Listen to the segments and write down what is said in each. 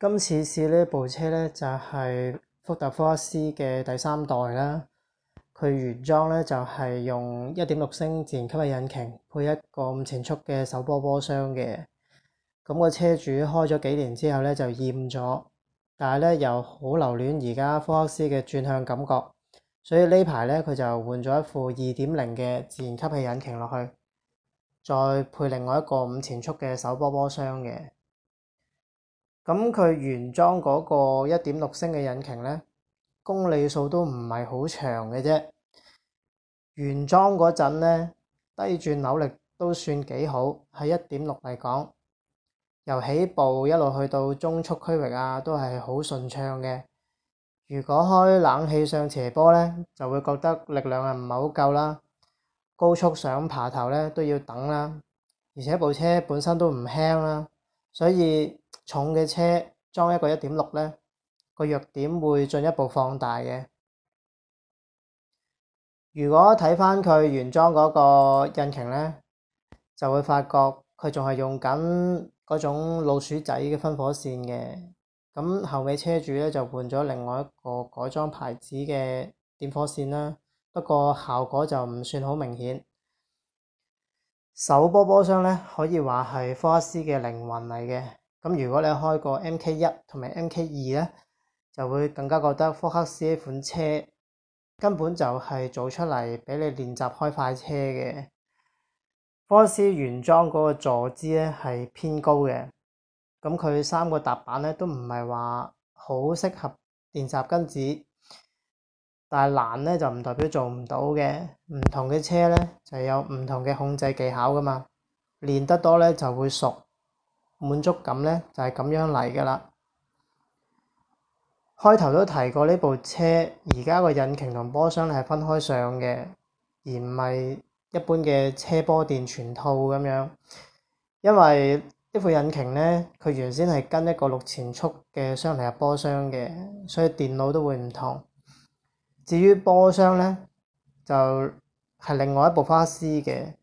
今次試呢部車咧，就係福特福克斯嘅第三代啦。佢原裝咧就係用一點六升自然吸氣引擎，配一個五前速嘅手波波箱嘅。咁個車主開咗幾年之後咧就厭咗，但係咧又好留戀而家福克斯嘅轉向感覺，所以呢排咧佢就換咗一副二點零嘅自然吸氣引擎落去，再配另外一個五前速嘅手波波箱嘅。咁佢原裝嗰個一點六升嘅引擎呢，公里數都唔係好長嘅啫。原裝嗰陣呢，低轉扭力都算幾好，喺一點六嚟講，由起步一路去到中速區域啊，都係好順暢嘅。如果開冷氣上斜坡呢，就會覺得力量啊唔係好夠啦。高速上爬頭呢，都要等啦，而且部車本身都唔輕啦，所以。重嘅車裝一個一點六，呢個弱點會進一步放大嘅。如果睇翻佢原裝嗰個引擎呢，就會發覺佢仲係用緊嗰種老鼠仔嘅分火線嘅。咁後尾車主呢，就換咗另外一個改裝牌子嘅點火線啦，不過效果就唔算好明顯。手波波箱呢，可以話係科斯嘅靈魂嚟嘅。咁如果你開過 MK1 同埋 MK2 咧，就會更加覺得福克斯呢款車根本就係做出嚟俾你練習開快車嘅。福克斯原裝嗰個坐姿呢係偏高嘅，咁佢三個踏板呢都唔係話好適合練習跟趾，但係難呢就唔代表做唔到嘅。唔同嘅車呢就有唔同嘅控制技巧㗎嘛，練得多呢就會熟。滿足感呢就係、是、咁樣嚟噶啦。開頭都提過呢部車，而家個引擎同波箱係分開上嘅，而唔係一般嘅車波電全套咁樣。因為呢副引擎呢，佢原先係跟一個六前速嘅雙離合波箱嘅，所以電腦都會唔同。至於波箱呢，就係、是、另外一部花絲嘅。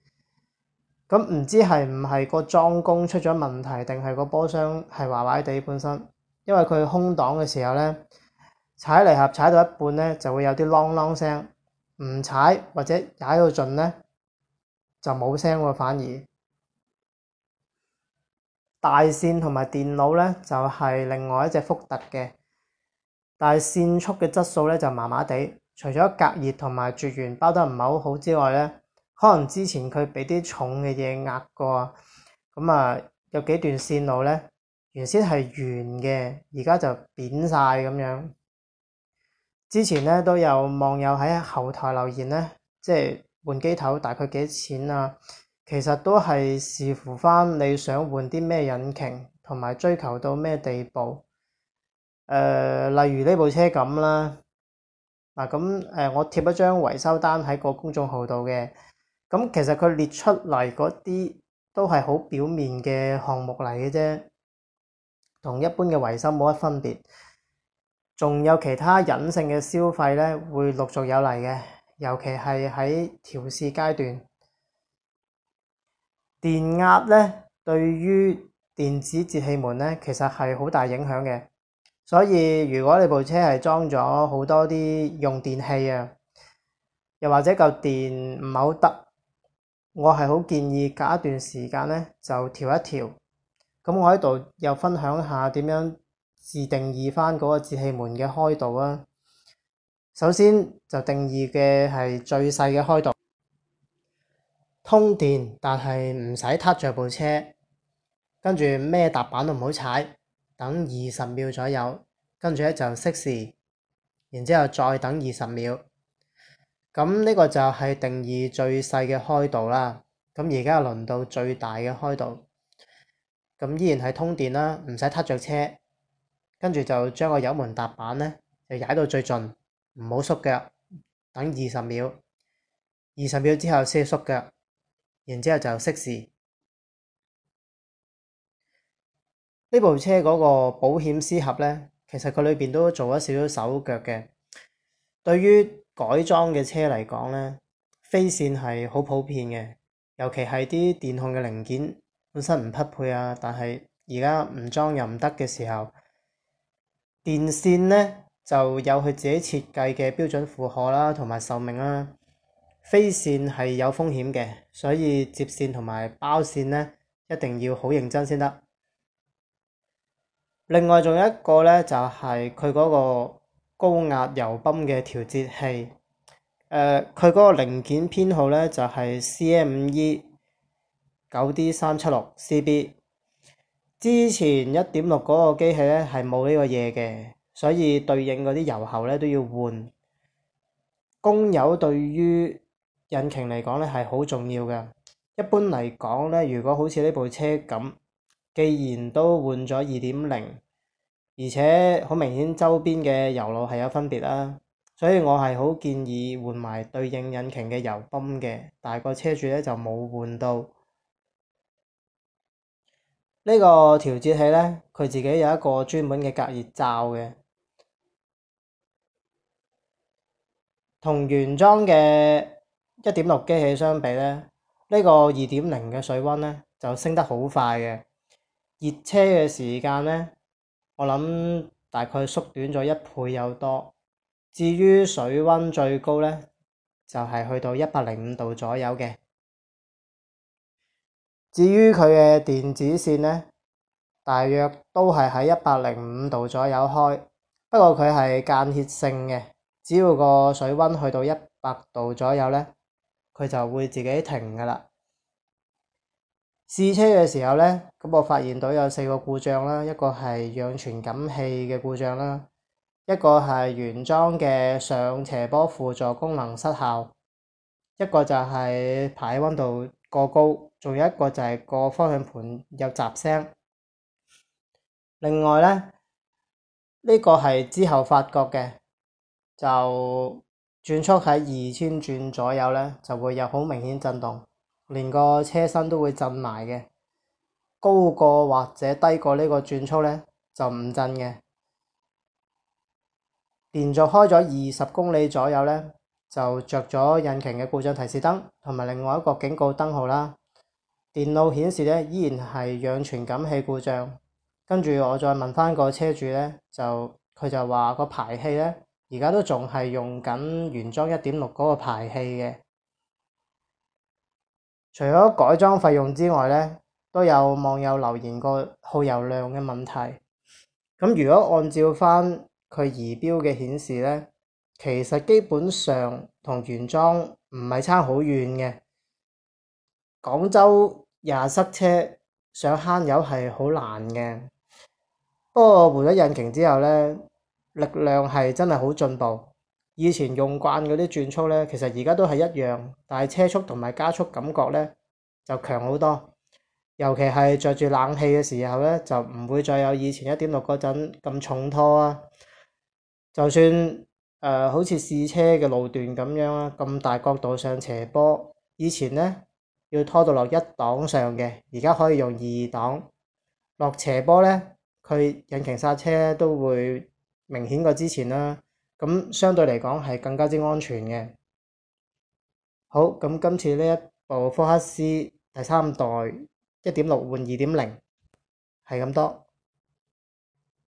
咁唔知係唔係個裝工出咗問題，定係個波箱係壞壞地本身？因為佢空擋嘅時候呢，踩離合踩到一半呢，就會有啲啷啷聲，唔踩或者踩到盡呢，就冇聲喎。反而大線同埋電腦呢，就係另外一隻福特嘅，但係線速嘅質素呢，就麻麻地，除咗隔熱同埋絕緣包得唔係好好之外呢。可能之前佢俾啲重嘅嘢壓過，咁啊有幾段線路呢，原先係圓嘅，而家就扁晒。咁樣。之前呢，都有網友喺後台留言呢，即係換機頭大概幾錢啊？其實都係視乎翻你想換啲咩引擎，同埋追求到咩地步。誒、呃，例如呢部車咁啦，嗱咁誒，我貼一張維修單喺個公眾號度嘅。咁其實佢列出嚟嗰啲都係好表面嘅項目嚟嘅啫，同一般嘅維修冇乜分別。仲有其他隱性嘅消費呢，會陸續有嚟嘅，尤其係喺調試階段。電壓呢，對於電子節氣門呢，其實係好大影響嘅。所以如果你部車係裝咗好多啲用電器啊，又或者嚿電唔係好得。我係好建議隔一段時間呢，就調一調。咁我喺度又分享下點樣自定義翻嗰個節氣門嘅開度啊。首先就定義嘅係最細嘅開度，通電，但係唔使撻着部車，跟住咩踏板都唔好踩，等二十秒左右，跟住呢就熄匙，然之後再等二十秒。咁呢個就係定義最細嘅開度啦。咁而家又輪到最大嘅開度，咁依然係通電啦，唔使撻着車，跟住就將個油門踏板呢，就踩到最盡，唔好縮腳，等二十秒，二十秒之後先縮腳，然之後就熄匙。呢部車嗰個保險絲盒呢，其實佢裏邊都做咗少少手腳嘅，對於改裝嘅車嚟講呢，飛線係好普遍嘅，尤其係啲電控嘅零件本身唔匹配啊，但係而家唔裝又唔得嘅時候，電線呢就有佢自己設計嘅標準負荷啦、啊，同埋壽命啦、啊。飛線係有風險嘅，所以接線同埋包線呢一定要好認真先得。另外，仲有一個呢，就係佢嗰個。高壓油泵嘅調節器，誒、呃，佢嗰個零件編號呢就係 CME 九 D 三七六 CB。之前一點六嗰個機器呢係冇呢個嘢嘅，所以對應嗰啲油喉呢都要換。供油對於引擎嚟講呢係好重要嘅。一般嚟講呢，如果好似呢部車咁，既然都換咗二點零。而且好明顯，周邊嘅油路係有分別啦，所以我係好建議換埋對應引擎嘅油泵嘅，但係個車主呢就冇換到呢個調節器呢，佢自己有一個專門嘅隔熱罩嘅，同原裝嘅一點六機器相比呢，呢個二點零嘅水溫呢就升得好快嘅，熱車嘅時間呢。我諗大概縮短咗一倍有多。至於水温最高呢，就係去到一百零五度左右嘅。至於佢嘅電子線呢，大約都係喺一百零五度左右開。不過佢係間歇性嘅，只要個水温去到一百度左右呢，佢就會自己停㗎啦。試車嘅時候呢，咁我發現到有四個故障啦，一個係氧傳感器嘅故障啦，一個係原裝嘅上斜坡輔助功能失效，一個就係排氣溫度過高，仲有一個就係個方向盤有雜聲。另外呢，呢個係之後發覺嘅，就轉速喺二千轉左右呢，就會有好明顯震動。連個車身都會震埋嘅，高過或者低過呢個轉速呢，就唔震嘅。連續開咗二十公里左右呢，就着咗引擎嘅故障提示燈，同埋另外一個警告燈號啦。電腦顯示呢，依然係氧傳感器故障，跟住我再問翻個車主呢，就佢就話個排氣呢，而家都仲係用緊原裝一點六嗰個排氣嘅。除咗改裝費用之外呢，都有網友留言過耗油量嘅問題。咁如果按照翻佢儀表嘅顯示呢，其實基本上同原裝唔係差好遠嘅。廣州日日塞車想，想慳油係好難嘅。不過換咗引擎之後呢，力量係真係好進步。以前用慣嗰啲轉速呢，其實而家都係一樣，但係車速同埋加速感覺呢就強好多。尤其係着住冷氣嘅時候呢，就唔會再有以前一點六嗰陣咁重拖啊。就算誒、呃、好似試車嘅路段咁樣啊，咁大角度上斜坡，以前呢要拖到落一檔上嘅，而家可以用二檔落斜坡呢，佢引擎煞車都會明顯過之前啦、啊。咁相對嚟講係更加之安全嘅。好，咁今次呢一部福克斯第三代一點六換二點零，係咁多。